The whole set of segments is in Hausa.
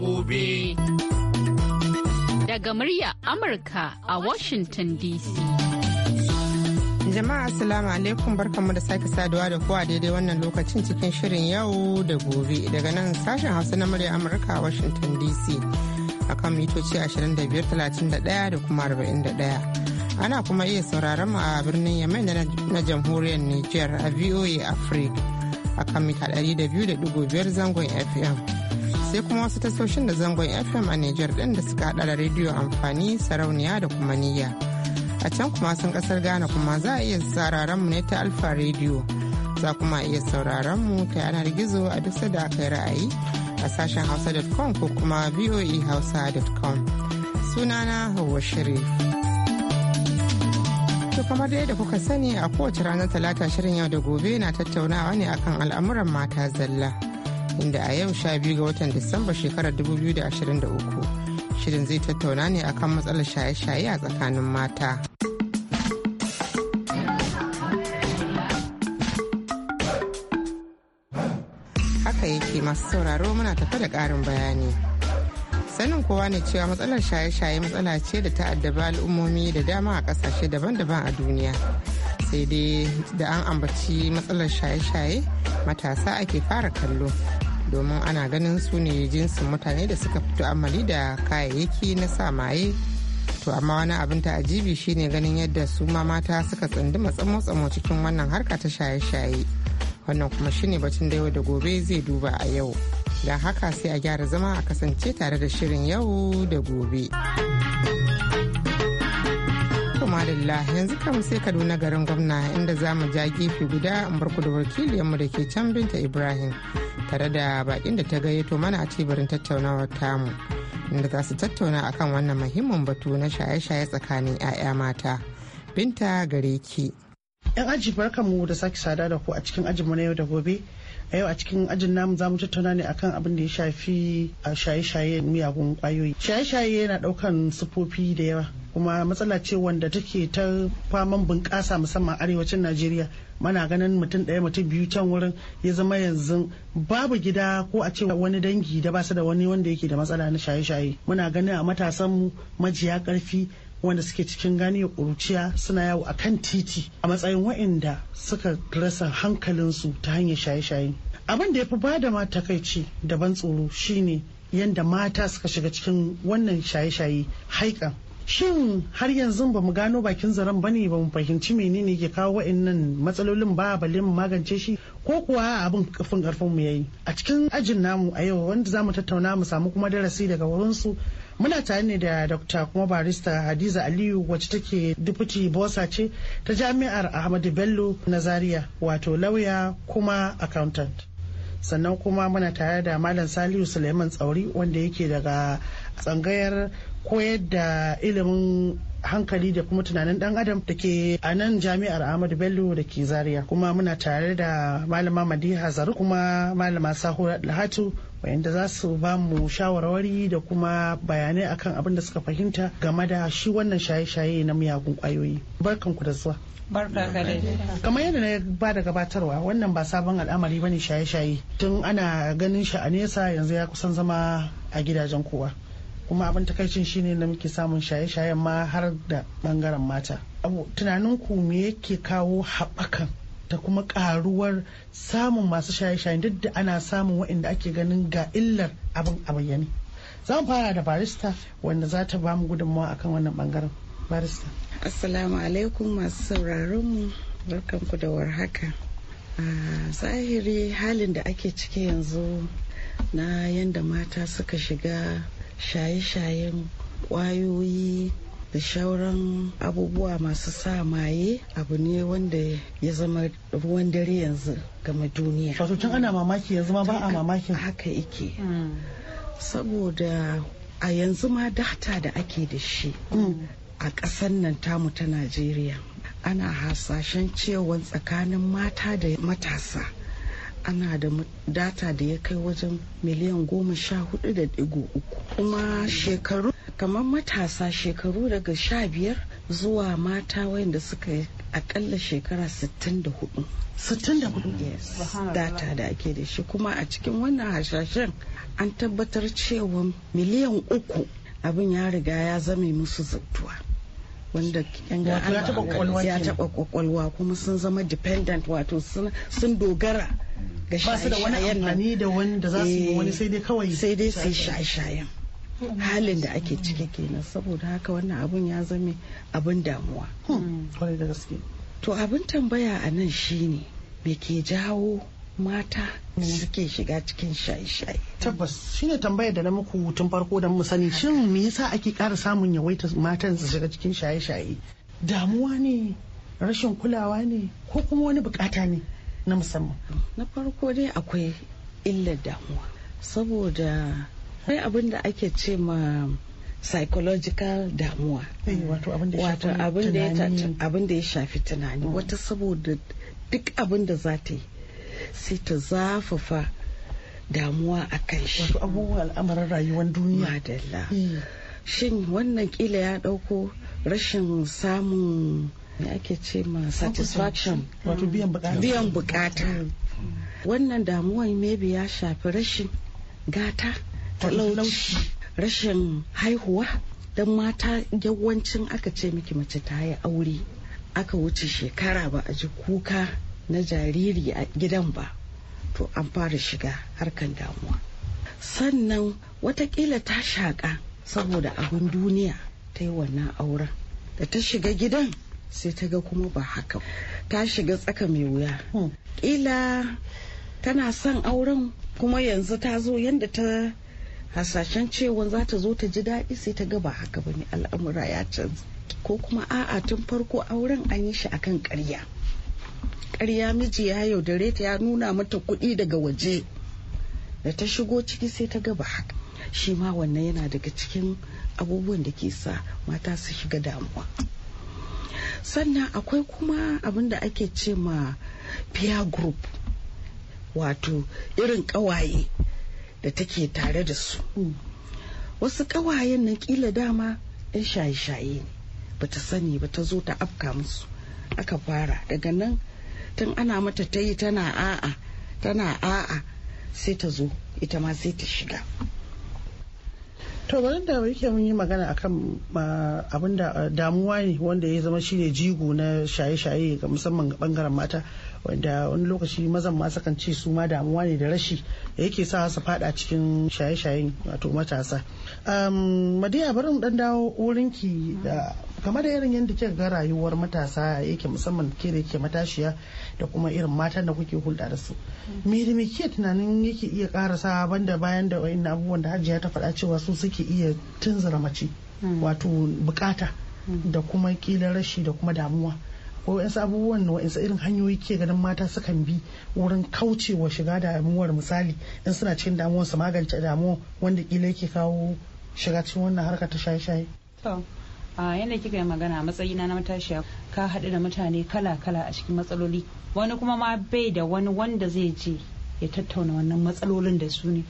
gobe. Daga murya Amurka a Washington DC. Jama'a Assalamu alaikum barkanmu da sake saduwa da kowa daidai wannan lokacin cikin shirin yau da gobe daga nan sashen hausa na murya Amurka a Washington DC. akan mitoci 2531 da kuma 41. Ana kuma iya sauraron mu a birnin Yamai na jamhuriyar Nijar a VOA Africa akan mita 200.5 zangon FM. Sai kuma wasu tasoshin da zangon FM a Nijar ɗin da suka haɗa da rediyo amfani sarauniya da kuma niyya. A can kuma sun kasar Ghana kuma za a iya sauraron mu ne ta Alfa Radio. za kuma iya sauraron mu ta yanar gizo a duk sada aka ra'ayi a sashen hausa.com ko kuma suna sunana hauwa shiri. To kamar dai da kuka sani a kowace ranar talata shirin yau da gobe na tattaunawa ne akan al'amuran mata zalla inda a yau sha biyu ga watan Disamba shekarar uku, shirin zai tattauna ne akan matsalar shaye-shaye a tsakanin mata. masu sauraro muna tafa da karin bayani. Sanin kowa ne cewa matsalar shaye-shaye matsala ce da ta addaba al'ummomi da dama a kasashe daban-daban a duniya. Sai dai da an ambaci matsalar shaye-shaye matasa ake fara kallo domin ana ganin su ne jinsin mutane da suka fito amali da kayayyaki na sa maye to amma wani abin ta ajibi shine ganin yadda su ma mata suka tsunduma tsamo-tsamo cikin wannan harka ta shaye-shaye. wannan kuma shine batun da yau da gobe zai duba a yau da haka sai a gyara zama a kasance tare da shirin yau da gobe madalla yanzu kan sai kaduna garin gwamna inda za mu ja gefe guda in barku da wakiliyarmu da ke can binta ibrahim tare da bakin da ta gayyato mana a cibirin tattaunawar tamu inda za su tattauna akan wannan muhimmin batu na shaye-shaye tsakanin 'ya'ya mata binta gare ki. yan aji barkan mu da sake sada da ku a cikin ajin mu na yau da gobe a yau a cikin ajin namu zamu tattauna ne akan abin da ya shafi a shaye-shaye miyagun kwayoyi shaye-shaye yana daukan sufofi da yawa kuma matsala ce wanda take ta faman bunƙasa musamman arewacin najeriya mana ganin mutum ɗaya mutum biyu can wurin ya zama yanzu babu gida ko a ce wani dangi da basu da wani wanda yake da matsala na shaye-shaye muna ganin a matasanmu majiya ƙarfi wanda suke cikin gani ƙuruciya suna yawo a kan titi a matsayin waɗanda suka rasa hankalinsu ta hanyar shaye-shaye abin da ya fi bada ma takaici daban tsoro shine yadda mata suka shiga cikin wannan shaye-shaye haikan shin har yanzu ba mu gano bakin zaren ba ne ba mu fahimci menene ke kawo wa'annan matsalolin ba bali mu magance shi ko kuwa abin kafin karfin mu yayi a cikin ajin namu a yau wanda za mu tattauna mu samu kuma darasi daga wurin su muna tare ne da dr kuma barista hadiza aliyu wacce take deputy bosa ce ta jami'ar ahmadu bello na zaria wato lauya kuma accountant sannan kuma muna tare da malam salihu suleiman tsauri wanda yake daga tsangayar koyar da ilimin hankali da kuma tunanin dan adam da ke a nan jami'ar ahmadu bello da ke zaria kuma muna tare da malama madiha zaru kuma malama sahura alhatu wayanda za su ba mu shawarwari da kuma bayanai akan abin da suka fahimta game da shi wannan shaye-shaye na miyagun kwayoyi barkanku da zuwa kamar yadda na ba da gabatarwa wannan ba sabon al'amari bane shaye-shaye tun ana ganin shi a nesa yanzu ya kusan zama a gidajen kowa kuma abin takaicin shine na muke samun shaye-shayen ma har da bangaren mata abu tunaninku me yake kawo haɓakan da kuma karuwar samun masu shaye-shaye duk da ana samun waɗanda ake ganin ga illar abin a bayyane za mu fara da barista wanda za ta ba mu gudunmawa akan wannan bangaren barista assalamu alaikum masu sauraron mu barkanku da warhaka a zahiri halin da ake ciki yanzu na yadda mata suka shiga shaye-shayen kwayoyi da shauran abubuwa masu sa maye abu ne wanda ya zama ruwan dare yanzu game duniya wato ana mamaki yanzu ma ba a mamakin haka ike hmm. saboda a yanzu ma data da ake da shi hmm. a ƙasan nan tamu ta najeriya ana hasashen cewa tsakanin mata da matasa ana da data da ya kai wajen miliyan goma sha hudu da uku kuma shekaru kamar matasa shekaru daga sha biyar zuwa mata wayanda suka akalla shekara 64 64 data da ake da shi kuma a cikin wannan hashashen an tabbatar cewa miliyan uku abin ya riga ya zame musu zattuwa wanda ya taba kwakwalwa kuma sun zama dependent wato sun dogara ga shayayen nan ba su da wani amfani da wanda za su yi wani eh, sai dai kawai sai dai su yi shaye-shayen halin da ake cike kenan saboda haka wannan abun ya zame abun damuwa to abin tambaya a nan shine me ke jawo mata mm. suke shiga cikin shaye-shaye. Tabbas shine tambayar da na muku tun farko da mu sani shin me yasa ake ƙara samun yawaita matan su shiga cikin shaye-shaye? Damuwa ne, rashin kulawa ne, ko kuma wani bukata ne na musamman. Na farko dai akwai illar damuwa saboda akwai abin da ake ce ma psychological damuwa eh, wato abin da ya shafi tunani mm. wata saboda duk abin da za ta yi sai ta zafafa damuwa a kan shi wato abubuwa al'amarin rayuwar duniya madalla mm. shin wannan kila ya dauko rashin samun me ake ce ma satisfaction wato biyan mm. bukata wannan damuwan maybe ya shafi rashin gata talauci rashin haihuwa don mata yawancin aka ce miki mace ta yi aure aka wuce shekara ba a ji kuka na jariri a gidan ba to an fara shiga harkan damuwa sannan watakila ta shaƙa saboda abin duniya ta yi wannan auren da ta shiga gidan sai ta ga kuma ba haka ta shiga tsaka mai wuya hmm. kila tana son auren kuma yanzu ta zo yadda ta hasashen cewa za ta zo ta ji daɗi sai ta gaba haka ba ne al'amura ya canza ko kuma a'a tun farko auren an yi shi akan karya. karya miji ya yaudare ta ya nuna mata kuɗi daga waje da ta shigo ciki sai ta gaba haka shi ma wannan yana daga cikin abubuwan da ke sa mata su shiga damuwa sannan akwai kuma abin da ake ce ma peer group wato irin ƙawaye da take tare da su wasu ƙawayen nan ƙila dama 'yan shaye-shaye ne ta sani ba ta zo ta afka musu aka fara daga nan tun ana mata ta yi tana a'a tana a'a sai ta zo ita ma sai ta shiga to bari da yake mun yi magana akan abin da damuwa ne wanda ya zama shine jigo na shaye-shaye ga musamman ga bangaren mata wanda wani lokaci mazan ma sukan ce su ma damuwa ne da rashi da yake sa su fada cikin shaye-shayen wato matasa um, madiya bari mu dan dawo wurinki da game da irin yadda ke ga rayuwar matasa yake musamman ke da ke matashiya da kuma irin matan da kuke hulɗa da su me da me ke tunanin yake iya sa banda bayan da wayan abubuwan da hajiya ta faɗa cewa su suke iya tunzura mace hmm. wato bukata da kuma kila rashi da kuma damuwa ko yansu abubuwan wasu irin hanyoyi ke ganin mata sukan bi wurin kaucewa shiga damuwar misali in suna cikin damuwar su magance damuwa wanda kila yake kawo shiga cikin wannan harkar ta shaye-shaye. a yadda kika yi magana matsayina na matashiya ka haɗu da mutane kala-kala a cikin matsaloli wani kuma ma bai da wani wanda zai je ya tattauna wannan matsalolin da su ne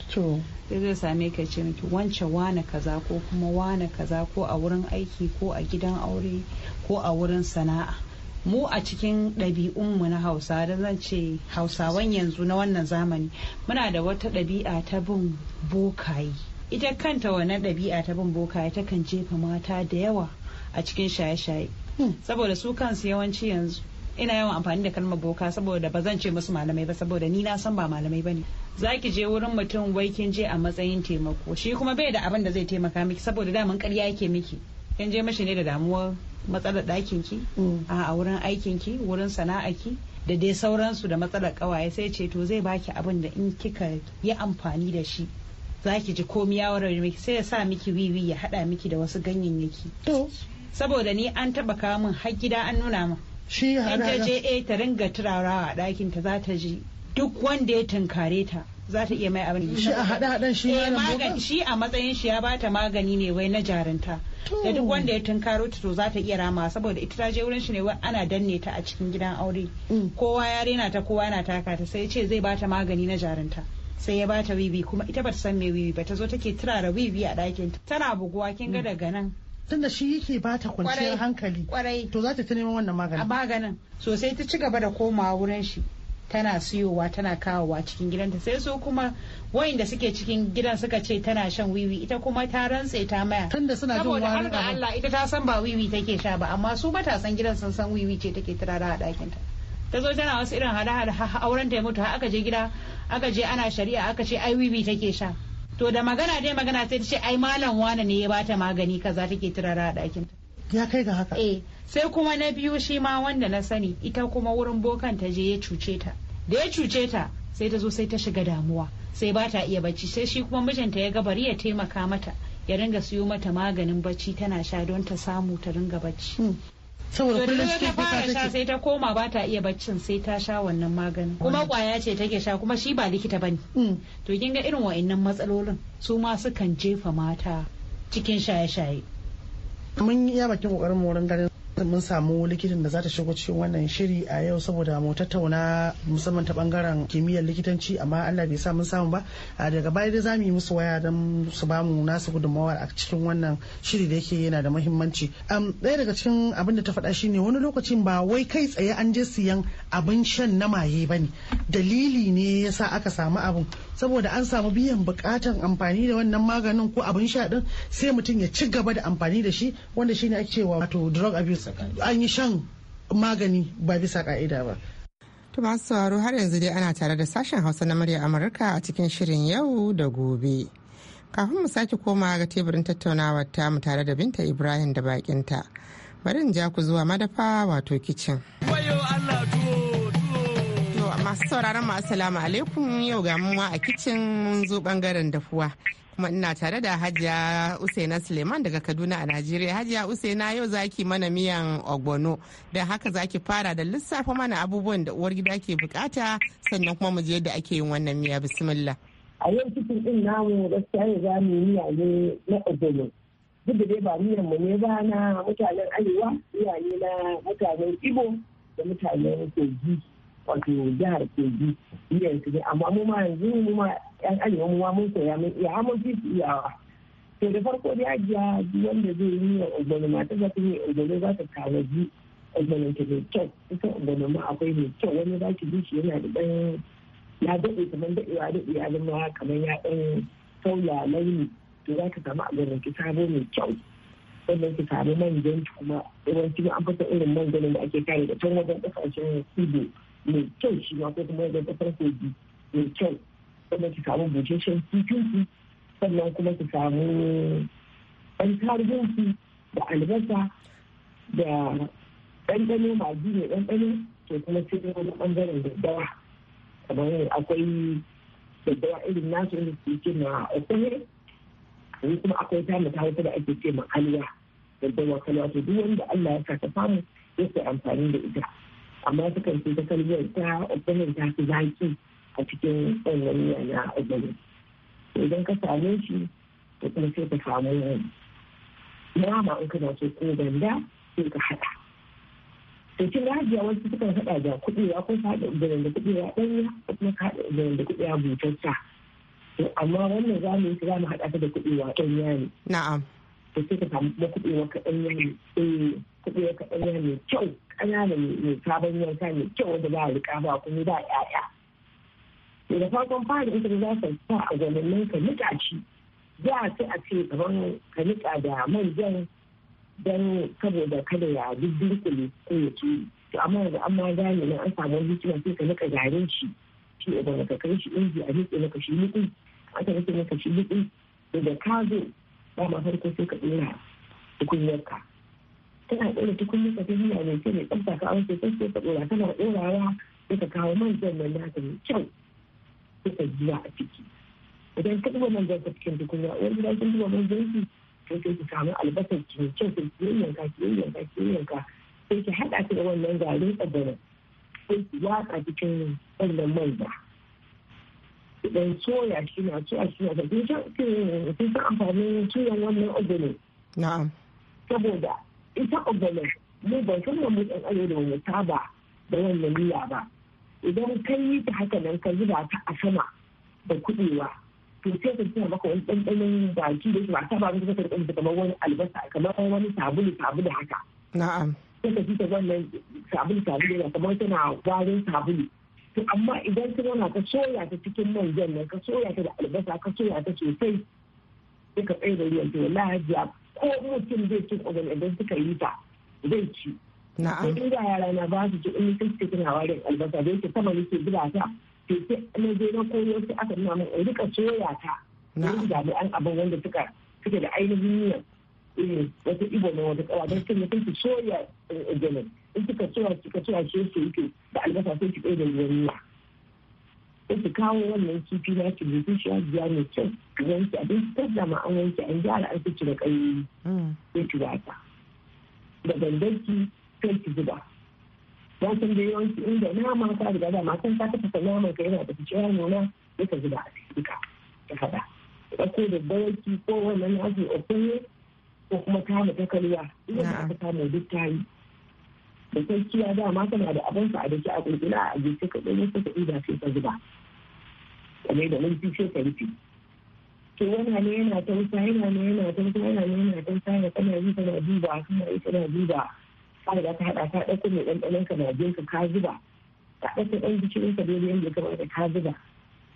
sai zai same ka ce miki wance wane kaza ko kuma wane kaza ko a wurin aiki ko a gidan aure ko a wurin sana'a mu a cikin ɗabi'unmu na hausa da zan ce hausawan yanzu na wannan zamani muna da wata ɗabi'a ta bin bokaye ita kanta wannan ɗabi'a ta bin bokaye kan jefa mata da yawa a cikin shaye-shaye hmm, saboda su kansu yawanci yanzu ina yawan amfani da kalmar boka saboda ba zan ce musu malamai ba saboda ni na san ba malamai ba ne za ki je wurin mutum wai kin je a matsayin taimako shi kuma bai da abin da zai taimaka miki saboda daman ƙarya yake miki kin je mashi ne da damuwar matsalar ɗakin ki mm. a wurin aikin ki wurin sana'a ki da dai sauransu da matsalar ƙawaye sai ce to zai baki abin da in kika yi amfani da shi za ki ji komi ya warware miki sai ya sa miki wiwi ya haɗa miki da wasu ganyayyaki to saboda ni an taɓa kawo min har gida an nuna ma. shi ta je eh, ta ringa turarawa a ɗakin ta za ta ji duk wanda ya tunkare ta za ta iya mai abin shi a hada hadan shi eh, magani shi a matsayin shi ya bata magani ne wai na jarinta da duk wanda ya tunkaro ta to za ta iya rama saboda ita ta je wurin shi ne wai ana danne ta a cikin gidan aure mm. kowa ya rena ta kowa yana taka ta sai ce zai bata magani na jarinta sai ya bata wiwi kuma ita bata san me wiwi ba ta zo take turara wiwi a ɗakin tana buguwa kin ga mm. daga nan tunda shi yake ba ta kwanciyar hankali kwarai to za ta ta neman wannan maganin a maganin so sai ta ci gaba da komawa wurin shi tana siyowa tana kawowa cikin gidanta sai su kuma wayanda suke cikin gidan suka ce tana shan wiwi ita kuma ta rantse ta maya tunda suna jin wani saboda Allah ita ta san ba wiwi take sha ba amma su matasan gidan sun san wiwi ce take turara a dakin ta ta zo tana wasu irin hada-hada auren ta ya mutu aka je gida aka je ana shari'a aka ce ai wiwi take sha to da magana dai magana sai ta ce ai malam wane ne ya bata magani kaza take turara a dakin ta ya kai ga haka eh sai kuma na biyu shi ma wanda na sani ita kuma wurin bokan ta je ya cuce ta da ya cuce ta sai ta zo sai ta shiga damuwa sai ba ta iya bacci sai shi kuma mijinta ya ga bari ya taimaka mata ya ringa siyo mata maganin bacci tana sha don ta samu ta ringa bacci hmm. saboda kullum ta fara sha sai ta koma ba ta iya baccin sai ta sha wannan maganin kuma kwaya ce take sha kuma shi ba likita bane hmm. to kin ga irin wa'annan matsalolin su ma sukan jefa mata cikin shaye-shaye mun yi ya bakin kokarin mu wurin ganin mun samu likitan da za ta shigo cikin wannan shiri a yau saboda mu tattauna musamman ta bangaren kimiyyar likitanci amma Allah bai sa mun samu ba daga baya dai zamu yi musu waya don su ba mu nasu gudunmawar a cikin wannan shiri da yake yana da muhimmanci ɗaya daga cikin abin da ta faɗa shine wani lokacin ba wai kai tsaye an je siyan abin shan na maye ne dalili ne yasa aka samu abin saboda an samu biyan bukatan amfani da wannan maganin ko abin sha din sai mutum ya ci gaba da amfani da shi wanda shine ake cewa wato drug abuse an yi shan magani ba bisa ka'ida ba To masu sauraro har yanzu dai ana tare da sashen Hausa na murya Amurka a cikin shirin yau da gobe. Kafin mu sake koma ga teburin tattaunawar tamu tare da Binta Ibrahim da bakinta. Bari in ja ku zuwa madafa wato kicin. masu sauraron mu assalamu alaikum yau ga mu a kicin mun zo bangaren dafuwa kuma ina tare da hajiya usaina suleiman daga kaduna a najeriya hajiya usaina yau zaki mana miyan ogbono da haka zaki fara da lissafa mana abubuwan da uwar gida ke bukata sannan kuma mu je yadda ake yin wannan miya bismillah a yau cikin din namu gaskiya ne za mu miya ne na ogbono duk da dai ba miyan mu ne ba na mutanen arewa miya ne na mutanen ibo da mutanen kogi wato jihar kogi iya yanzu ne amma mu ma yanzu mu ma yan arewa mu ma mun koya mun iya amma fi iyawa to da farko dai ajiya duk wanda zai yi wa ogbono ma ta zafi ne ogbono za ta kawo ji ogbono ta zai kyau ita ogbono ma akwai mai kyau wani za ki ji shi yana da ɗan ya daɗe kamar daɗewa daɗe ya zama kamar ya ɗan sauya launi to za ka samu ogbono ki sabo mai kyau wannan ki samu manjan kuma yawanci an fasa irin manjan da ake kare da tun wajen ƙasashen kudu mai kyau shi ma ko kuma yadda ta mai kyau sannan ki samu busheshen sannan kuma ki samu ɗan tarihin da albasa da ɗanɗano magi ne ɗanɗano to kuma ne wani ɓangaren daddawa kamar akwai daddawa irin nasu inda suke ke na okohe ne kuma akwai tamu ta da ake ce ma kalwa daddawa kalwa to duk wanda Allah ya sa ta samu yake amfani da ita amma sukan ce ta ta ogbonin ta fi zaki a cikin wannan na ogbonin idan ka same shi to kuma sai ka samu nama in kana so ko ganda sai ka haɗa to cin rajiya wasu sukan haɗa da kuɗi ko ka haɗa ogbonin da ya ɗanya ko kuma ka haɗa ogbonin da kuɗewa butacca to amma wannan za mu yi za mu haɗa ta da wa ɗanya ne na'am da sai ka samu kuma wa kaɗan yana eh, wa kaɗan yana mai kyau ƙanana mai sabon yanka mai kyau wanda ba a riƙa ba kuma ba ƴaƴa da farkon fari ita za ka sa a gwamnan ka niƙa shi za a ce a ce kaman ka niƙa da manjan don saboda kada ya dubbulkule ko ya ci to amma da an ma gane nan an samu hikima sai ka niƙa garin shi shi gwamnati ka kai shi inji a niƙe maka shi niƙi aka niƙe maka shi niƙi da ka zo dama farko sai ka ɗora tukunyarka tana ɗora tukunyarka ta hanya mai kyau mai tsabta ka aure sai sai ka ɗora tana ɗorawa sai ka kawo man jan nan naka mai kyau sai ka jiya a ciki idan ka duba jan ka cikin tukunya wani gida kin duba jan ki sai sai ki samu albasar ki mai kyau sai ki yanka ki yanka ki yanka sai ki haɗa ta da wannan garin tsadarin sai ki waka cikin wannan ba. Idan soya shi na ci a shi na da kun san amfanin ciwon wannan ogbele. Saboda ita ogbele mu ban san mu dan da mu saba da wannan miya ba. Idan ka yi ta haka nan ka zuba ta a sama da kuɗewa to sai ka tuna maka wani ɗanɗanon baki da shi ba ta ba ka ka da kamar wani albasa kamar wani sabulu sabulu haka. Na'am. Sai ka ji wannan sabulu sabulu kamar tana warin sabulu. to amma idan ka zauna ka soya ta cikin manjan nan ka soya ta da albasa ka soya ta sosai sai ka tsaye da ruwan to wallahi ko mutum zai ci ƙwaƙwal idan suka yi ta zai ci na'am in ga yara na ba su ci in sun ci suna warin albasa zai ce sama ke gida ta to sai na je na koyo sai aka nuna mun in rika soya ta na'am an abin wanda suka suke da ainihin niyyar Eh, wata ibo na wata kawa don kan mutum ki soya jalal eh, eh, in kika soya kika soya shi yake yake da albasa sai ki ɗaya da ruwan ruwa sai su kawo wannan kifi na ki buɗe shi a biya mai kyau a wanke abin fitar da ma an wanke an gyara an fice da ƙayoyi hmm. sai ki wata da gangarki sai ki zuba wasan da yawanci inda nama ka riga da matan ta tafasa nama ka yana da yana nuna sai ka zuba a cikin ka ta faɗa ɗauko da dawaki ko wannan nasu kunye ko kuma ta ta kalwa idan da aka samu duk ta yi da gaskiya dama tana da abin sa a daki a kulkula a gefe ka suka ka ɗiba sai ka zuba kamar da mun fi sai ka rufe to yana ne yana wuta yana ne yana wuta yana ne yana wuta yana kana yi kana duba kuma yi kana duba ka ta ka haɗa ka ɗauko mai ɗanɗanon ka na ka ka zuba ka ɗauko ɗan jikin ka daidai yadda ka ka zuba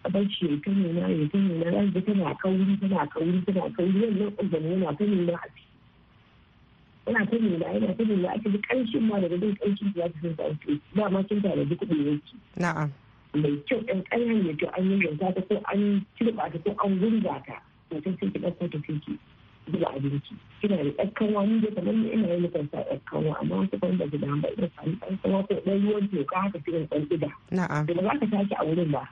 barci ya ta nuna ya ta nuna ya ji tana kauri tana kauri tana kauri wannan uban yana ta nuna a ciki yana ta nuna yana ta nuna a ciki ƙarshen ma daga zai ƙarshen ya ta nuna a ciki ba ma sun tare da kuɗin yake. na'am. mai kyau ɗan ƙarya mai kyau an yi ta ko an cirɓa ta ko an gurga ta to sai ki ɗauko ta sai ki zuba abinci ina da ɗakkan wani da kamar ni ina yin kansa ɗakkan wa amma wasu kan da guda ba ina sami ɗan sama ko ɗan ruwan toka haka cikin ɗan gida. Na'am. Da ba za ka sake a wurin ba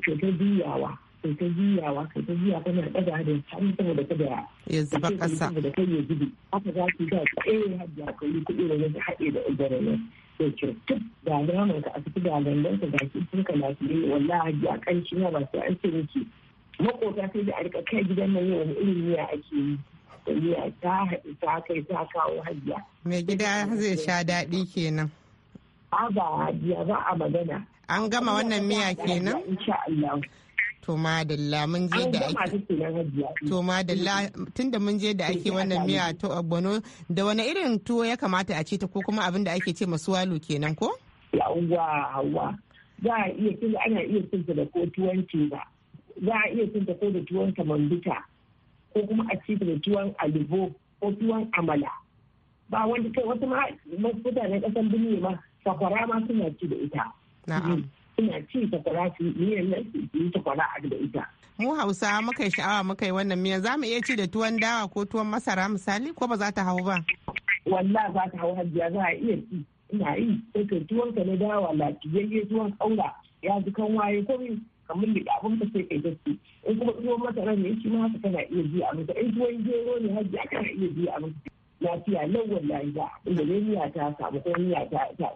sai ke ta juyawa sai ta juyawa sai ta juya tana daga da can saboda kada ya zuba kasa da kai ya gudu haka za ki ga tsaye hajjiya ka kai kuɗi da ne haɗe da ubarai da kirkit da naman ka a ciki da gandan ka zaki sun ka lafiye wallahi kan shi na ba sai an ce miki makota sai da a rika kai gidan nan yau wani irin miya ake yi da miya ta haɗu ta kai ta kawo hajjiya. mai gida zai sha daɗi kenan. a ba hajjiya ba a magana An gama wannan miya kenan? To madalla mun je da ake. To madalla tunda mun je da ake wannan miya to abono da wani irin tuwo ya kamata a ce ta ko kuma abin da ake ce masuwalu kenan ko? Yawwa hawa. Za a iya cin ana iya cin da ko tuwon ba. Za a iya cin ko da tuwon kamambita ko kuma a ci da tuwon alibo ko tuwon amala. Ba wanda kai wasu ma na kasan birni ma sakwara ma suna ci da ita. Ina ci sakwara a da ita. Mu Hausa muka sha'awa muka yi wannan miyan za mu iya ci da tuwon dawa ko tuwon masara misali ko ba za ta hau ba. Wallah za ta hau hajiya za a iya ci. Ina yi sai tuwon ka na dawa lafiyayye tuwon ƙaura ya ji kan waye komai kamar da abin ka sai kai gaske in kuma tuwon masara ne shi ma haka kana iya biya a mutu in tuwon gero ne hajiya kana iya biya a mutu lafiya lau wallahi ba inda ne miya ta samu ko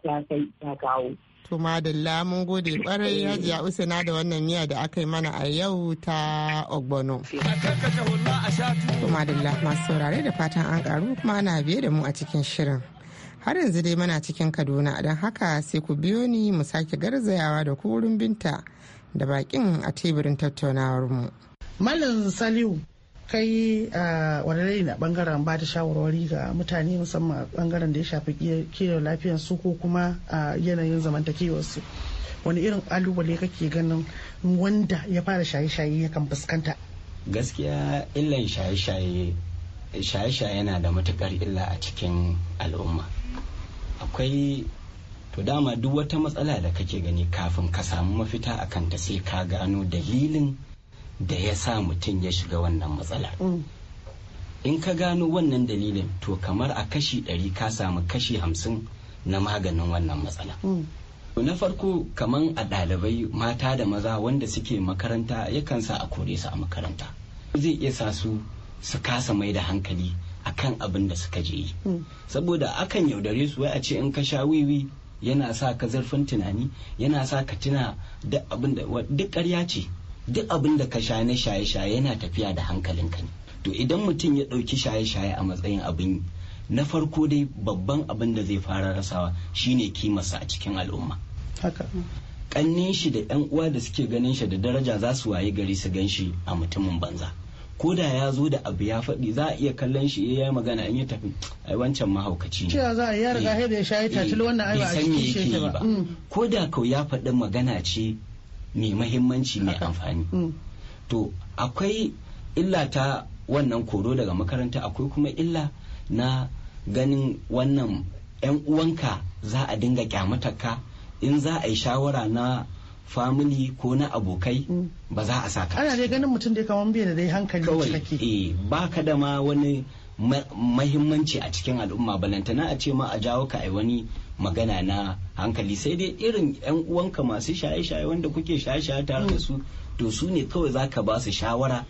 ta kai ta kawo To madalla mun gode kwarai hajiya usina da wannan miya da aka yi mana a yau ta ogbono. To madalla masu saurare da fatan an karu kuma ana biye da mu a cikin shirin. Har yanzu dai muna cikin Kaduna don haka sai ku biyo ni mu sake garzayawa da ku binta da bakin a teburin tattaunawar mu. Malam Saliu kai wani na bangaren ba da shawarwari ga mutane musamman bangaren da ya shafi kiyar lafiyar su ko kuma a yanayin zamantakewar su wani irin kalubale kake ganin wanda ya fara shaye-shaye yakan fuskanta gaskiya illan shaye-shaye shaye-shaye yana da matukar illa a cikin al'umma akwai to dama duk wata matsala da kake gani kafin ka samu mafita a kanta sai ka gano dalilin da ya sa mutum ya shiga wannan matsala mm. in ka gano wannan dalilin to kamar a kashi ɗari ka samu kashi hamsin na maganin wannan matsala mm. na farko kamar a ɗalibai mata da maza wanda suke makaranta yakan sa a kore su a makaranta zai iya sa su su kasa mai da hankali a kan abin da suka je yi mm. saboda akan yaudare su wai a ce in ka sha wiwi yana sa ka zarfin tunani yana sa ka tuna duk abin da duk ƙarya ce duk abin da ka sha na shaye-shaye yana tafiya da hankalinka ne to idan mutum ya ɗauki shaye-shaye a matsayin abin na farko dai babban abin da zai fara rasawa shine kimarsa a cikin al'umma haka kannin shi da yan uwa da suke ganin shi da daraja za su waye gari su gan shi a mutumin banza ko da ya zo da abu ya faɗi za a iya kallon shi eh, ya magana in ya tafi ai wancan mahaukaci ne za a ya riga eh, da ya shayi tatil eh, wannan ai ba a cikin shi ba mm. ko da kau ya faɗi magana ce mai mahimmanci mai amfani mm. to akwai illa ta wannan koro daga makaranta akwai kuma illa na ganin wannan 'yan uwanka za a dinga kyamataka in za a yi shawara na famili ko na abokai mm. ba za a saka ana dai ganin mutum da kamar biyar da dai hankali kawai eh baka da ma wani mahimmanci a cikin al'umma balantana a ce ma a jawo ka ai wani magana na hankali sai dai irin yan uwanka masu shaye-shaye wanda kuke shaye-shaye tare da su to su ne kawai za ka ba su shawara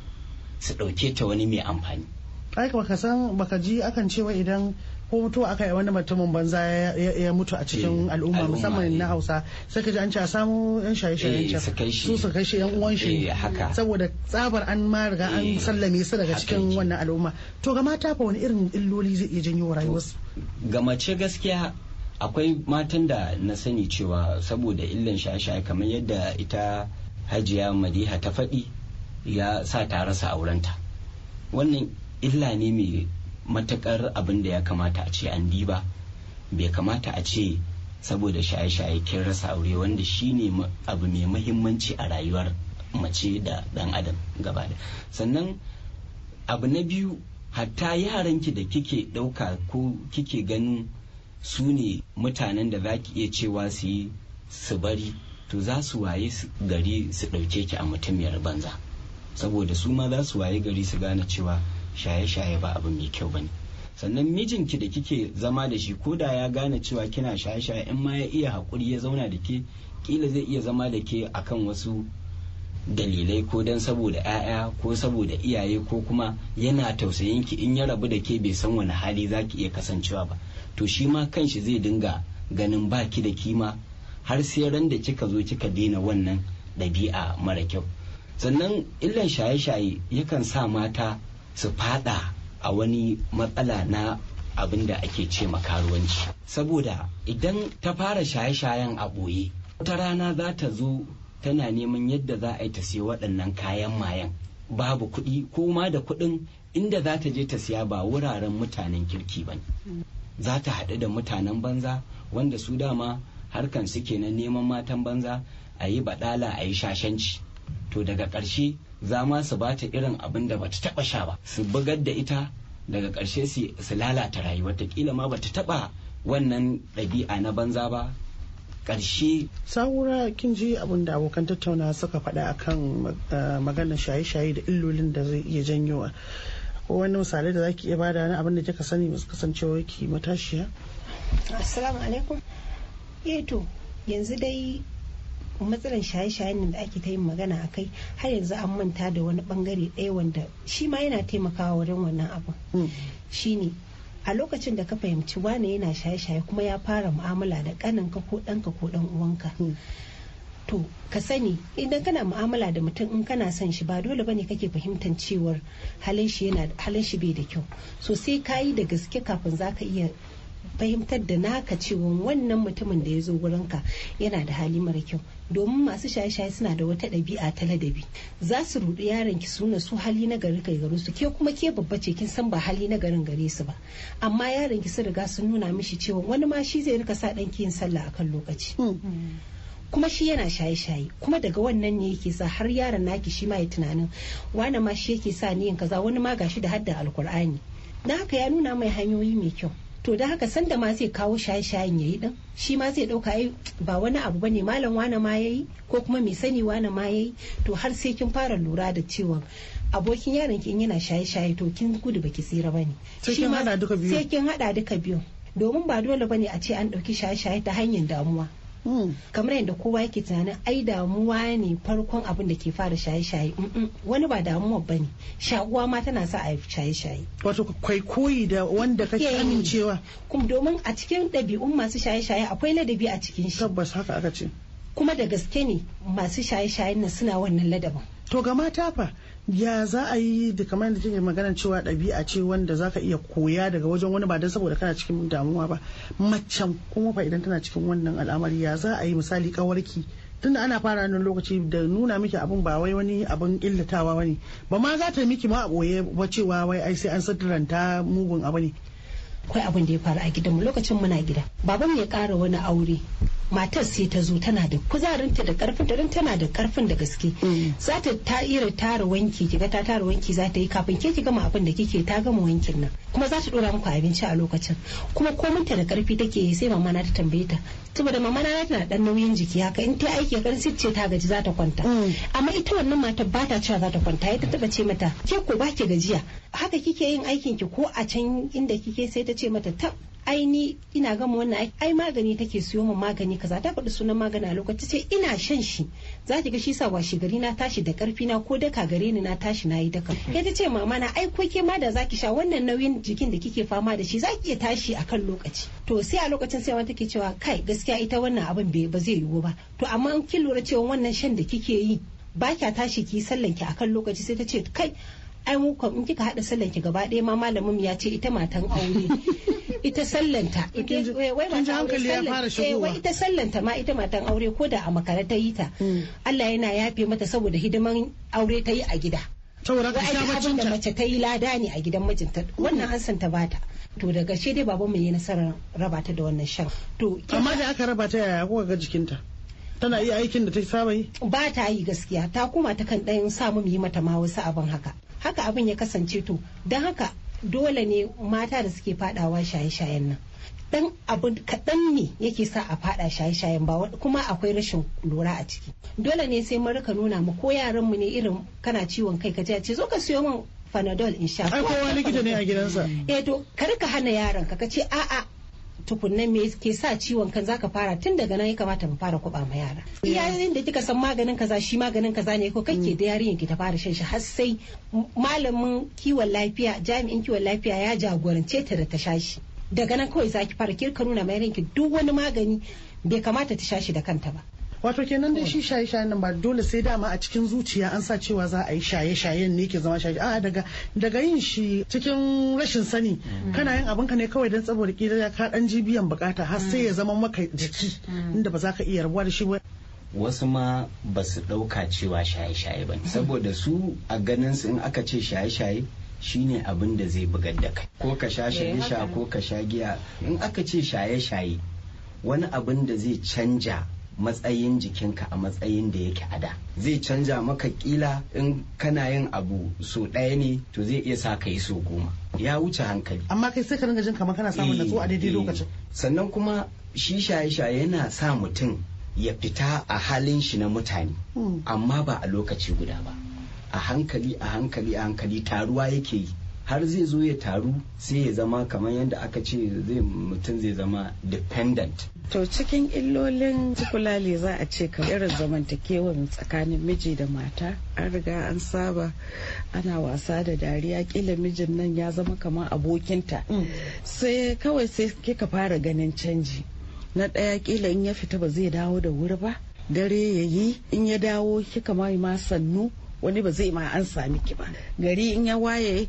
su ɗauke ta wani mai amfani. Aika baka san baka ji akan cewa idan ko mutu aka yi wani mutumin banza ya mutu a cikin eh, al'umma musamman na hausa sai ka ji an ce a samu yan shaye shaye eh, su su kai shi yan uwan shi eh, saboda tsabar an ma riga an sallame su daga cikin wannan al'umma to ga mata fa wani irin illoli zai iya janyo rayuwarsu ga mace gaskiya akwai matan da na sani cewa saboda illan shaye-shaye kamar yadda ita hajiya madiha ta faɗi ya sa ta rasa aurenta wannan illa ne mai matakar abin da ya kamata a ce an diba bai kamata a ce saboda shaye-shaye kin rasa aure wanda shine abu mai mahimmanci a rayuwar mace da dan adam gaba da sannan abu na biyu hatta yaranki da kike ɗauka ko kike ganin su ne mutanen da za ki iya cewa su yi su bari to za su waye gari su ɗauke ki a mutumiyar banza saboda su ma za su waye gari su gane cewa shaye-shaye ba abu mai kyau bane sannan mijinki da kike zama da shi ko da ya gane cewa kina shaye-shaye in ma ya iya haƙuri ya zauna da ke ƙila zai iya zama da ke akan wasu dalilai ko dan saboda 'ya'ya ko saboda iyaye ko kuma yana tausayin ki in ya rabu da ke bai san wani hali za ki iya kasancewa ba to shi ma shi zai dinga ganin ba ki da kima har sai ran da kika zo kika daina wannan ɗabi'a mara kyau sannan illan shaye-shaye yakan sa mata su fada a wani matsala na abin da ake ce makaruwanci saboda idan ta fara shaye-shayen a ɓoye ta rana za ta zo tana neman yadda za a yi ta siya waɗannan kayan mayan babu kuɗi ko ma da kuɗin inda za ta je ta siya ba wuraren mutanen kirki ba za ta haɗu da mutanen banza wanda su dama harkan suke na neman matan banza a yi baɗala a yi shashanci to daga ƙarshe za ma su ba ta irin abin da ba ta taɓa sha ba su bugar da ita daga ƙarshe su lalata rayuwa ta kila ma ba ta taɓa wannan ɗabi'a na banza ba ƙarshe. Sa'ura kin ji abin da abokan tattauna suka faɗa kan eh, maganar shaye-shaye da illolin da zai iya janyowa. Ko wani misali da zaki iya bada na abin da kika sani masu kasancewa ki matashiya? Assalamu alaikum. Eh to yanzu dai matsalar shaye-shayen da ake ta yin magana a kai har yanzu an manta da wani bangare ɗaya wanda shi ma yana taimakawa wajen wannan abin hmm. shine a lokacin da ka fahimci wane yana shaye-shaye kuma ya fara mu'amala da kaninka ko ɗanka ko ɗan uwanka hmm. to ka sani idan kana mu'amala da mutum in kana son shi ba dole bane kake fahimtar cewar halin shi yana halin shi bai da kyau sosai sai kayi da gaske kafin zaka iya fahimtar da naka cewa wannan mutumin da ya zo wurinka yana da hali mara kyau domin masu shaye-shaye suna da wata ɗabi'a ta ladabi za su ruɗi yaron ki suna su hali na gari kai garin su ke kuma ke babba ce kin san ba hali na garin gare su ba amma yaron ki sun riga sun nuna mishi cewa wani ma shi zai rika sa ɗan yin sallah akan lokaci hmm. kuma shi yana shaye-shaye kuma daga wannan ne yake sa har yaron naki shi ma ya tunanin wani ma shi yake sa ni yin kaza wani ma gashi da hadda alkur'ani na haka ya nuna mai hanyoyi mai kyau to da haka sanda ma zai kawo shaye-shayen ya yi din shi ma zai ɗauka ai ba wani abu bane malam wane ma yayi ko kuma mai sani wane ma yayi to har sai kin fara lura da cewa abokin yaron kin yana shaye-shaye to kin gudu baki tsira bane shi ma sai kin hada duka biyu domin ba dole bane a ce an ɗauki shaye-shaye ta hanyar damuwa Hmm. kamar yadda kowa yake tunanin ai damuwa ne farkon abin da ke fara shaye-shaye wani ba damuwa ba ne shaguwa ma tana sa a shaye-shaye wato kai koyi da wanda ke amincewa kuma domin a cikin ɗabi'un masu shaye-shaye akwai ladabi a cikin shi tabbas haka aka ce kuma da gaske ne masu shaye-shayen nan suna wannan ladabin to ga mata fa ya za a yi da kamar da kike magana cewa ɗabi'a ce wanda za ka iya koya daga wajen wani ba don saboda kana cikin damuwa ba macen kuma fa idan tana cikin wannan al'amari ya za a yi misali kawarki tunda ana fara nan lokaci da nuna miki abun ba wai wani abun illatawa wani ba ma za ta yi miki ma a boye ba cewa wai ai sai an sadaranta mugun abu ne akwai abin da ya faru a gidanmu lokacin muna gida baban ya kara wani aure matar sai ta zo tana da kuzarinta da karfin don tana da karfin da gaske mm. za ta ta ira tara wanki kiga ta tara wanki za ta yi kafin ke ki gama abin da kike ta gama wankin nan kuma za ta dora muku abinci a lokacin kuma kominta da karfi take yi sai mama na ta tambaye ta saboda mama na tana dan nauyin jiki haka in ta aiki kan sai ce ta gaji za ta kwanta mm. amma ita wannan matar ba ta cewa za ta kwanta ita taba ce mata ke ko ba ki gajiya haka kike yin aikin ki ko a can inda kike sai ta ce mata ta. ai ni ina gama wannan ai magani take siyo min magani kaza ta faɗi sunan magani a lokaci sai ina shan shi za ki ga shi sa washe gari na tashi da karfi na ko daka gare ni na tashi na yi daka ya ta ce mama na ai ko ke ma da za ki sha wannan nauyin jikin da kike fama da shi zaki iya tashi a kan lokaci to sai a lokacin sai wani take cewa kai gaskiya ita wannan abin bai ba zai yiwu ba to amma kin lura cewa wannan shan da kike yi ba kya tashi ki sallan ki a kan lokaci sai ta ce kai ai mu in kika hada sallan ki gaba ɗaya ma malamin ya ce ita matan aure ita sallanta eh, eh, wai ita sallanta ma ita matan aure ko da a makara ta yi ta hmm. Allah yana yafe mata saboda hidiman aure ta yi a gida saboda ka sha ta mace ta yi lada ne a gidan mijinta hmm. wannan an santa bata to daga shi dai baban mu yi nasarar raba da wannan shan to amma da aka raba ta yaya kuka ga jikinta tana iya aikin da ta saba yi ba ta yi gaskiya ta kuma ta kan ɗayan samu yi mata ma wasu abin haka haka abin ya kasance to don haka dole ne mata da suke fadawa shaye-shayen nan dan abu kaɗan ne yake sa a fada shaye-shayen ba kuma akwai rashin lura a ciki dole ne sai mu rika nuna mu ko yaran mu ne irin kana ciwon kai ka ce zo ka siyo min fanadol in sha ai kowa likita ne a gidansa eh to ka rika hana yaran ka ka ce a'a tukunnan me ke sa ciwon kan zaka fara tun daga nan ya kamata mu fara kuɓa ma yara iyayen da kika san maganin kaza shi maganin kaza ne ko kake mm. da yarinyar ki ta fara shan shi har sai malamin kiwon lafiya jami'in kiwon lafiya ya jagorance ta da ta sha shi daga nan kawai zaki fara kirka nuna mai ki duk wani magani bai kamata ta sha shi da kanta ba wato kenan dai shi shaye shayen nan ba dole sai dama a cikin zuciya an sa cewa za a yi shaye shayen ne ke zama shaye a'a daga daga yin shi cikin rashin sani mm. kana yin abinka ne kawai don saboda kila ya kaɗan ji biyan bukata har sai ya mm. zama maka jiki mm. inda ba za ka iya rabuwa da shi ba wasu ma ba su ɗauka cewa shaye-shaye ba saboda su a ganin su in aka ce shaye-shaye shine abin da zai bugar da kai ko ka sha eh, shaye-shaye ko ka sha giya in aka ce shaye-shaye wani abin da zai canja matsayin jikinka a matsayin da yake ada zai canja maka kila in kana yin abu so ɗaya ne to zai iya sa ka yi so goma ya wuce hankali amma kai sai ka dinga jin kamar kana samun eh, natsuwa a daidai eh. lokacin sannan kuma shi shaye-shaye yana sa mutum ya fita a halin shi na mutane hmm. amma ba a lokaci guda ba a hankali a hankali a hankali taruwa yake yi har zai zo ya taru sai ya zama kamar yadda aka ce zai mutum zai zama dependent to cikin illolin tukulali za a ce ka irin zamantakewan tsakanin miji da mata an riga an saba ana wasa da dariya kila mijin nan ya zama kamar abokinta mm. sai kawai sai kika fara ganin canji na ɗaya kila in ya fita ba zai dawo da wuri ba dare ya yi in ya dawo kika ma ma sannu wani ba zai ma an sami ki ba gari in ya waye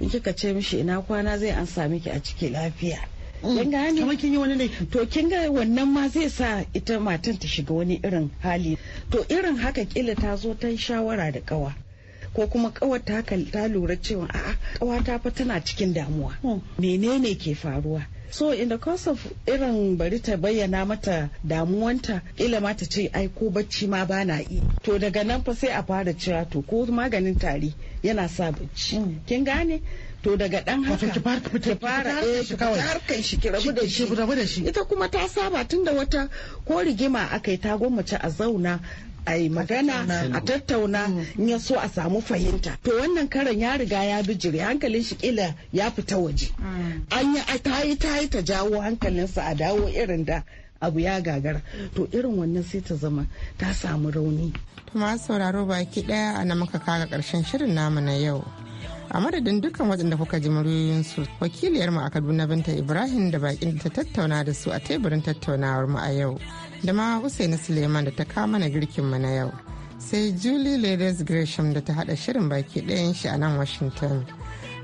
in kika ce mishi ina kwana zai an sami ki a ciki lafiya mm. kin gane kin yi wani ne to kin ga wannan ma zai sa ita matan ta shiga wani irin hali to irin haka kila ta zo ta shawara da kawa ko kuma kawar ta lura cewa a'a kawa ta fa tana cikin damuwa mm. menene ke faruwa so in the course of irin bari ta bayyana mata damuwanta ila ma ta ce ai ko bacci ma ba na yi to daga nan fa sai a fara cewa to ko maganin tari yana sa bacci mm. kin gane to daga dan haka ki fara ki fara ki fara eh, kai shi ki rabu da shi rabu da shi ita kuma ta saba tun da wata ko rigima akai ta gwammace a zauna a yi magana a tattauna mm. in ya so a samu fahimta to wannan karan ya riga ya bijire hankalin shi kila ya fita waje mm. an yi ta yi ta yi ta jawo hankalinsa a dawo irin da abu ya gagara to irin wannan sai ta zama ta samu rauni to ma sauraro baki daya a maka kaga karshen shirin namu na yau a madadin dukkan waɗanda kuka ji wakiliyar mu a kaduna binta ibrahim da bakin ta tattauna da su a teburin tattaunawar mu a yau da ma Hussaini Suleiman da ta kama na mu na yau. Sai Julie Ladies Gresham da ta hada shirin baki ɗayan shi a nan Washington.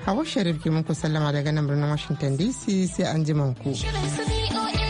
Hawa Sharif ke muku sallama daga nan birnin Washington DC sai an ji ku. Shirin su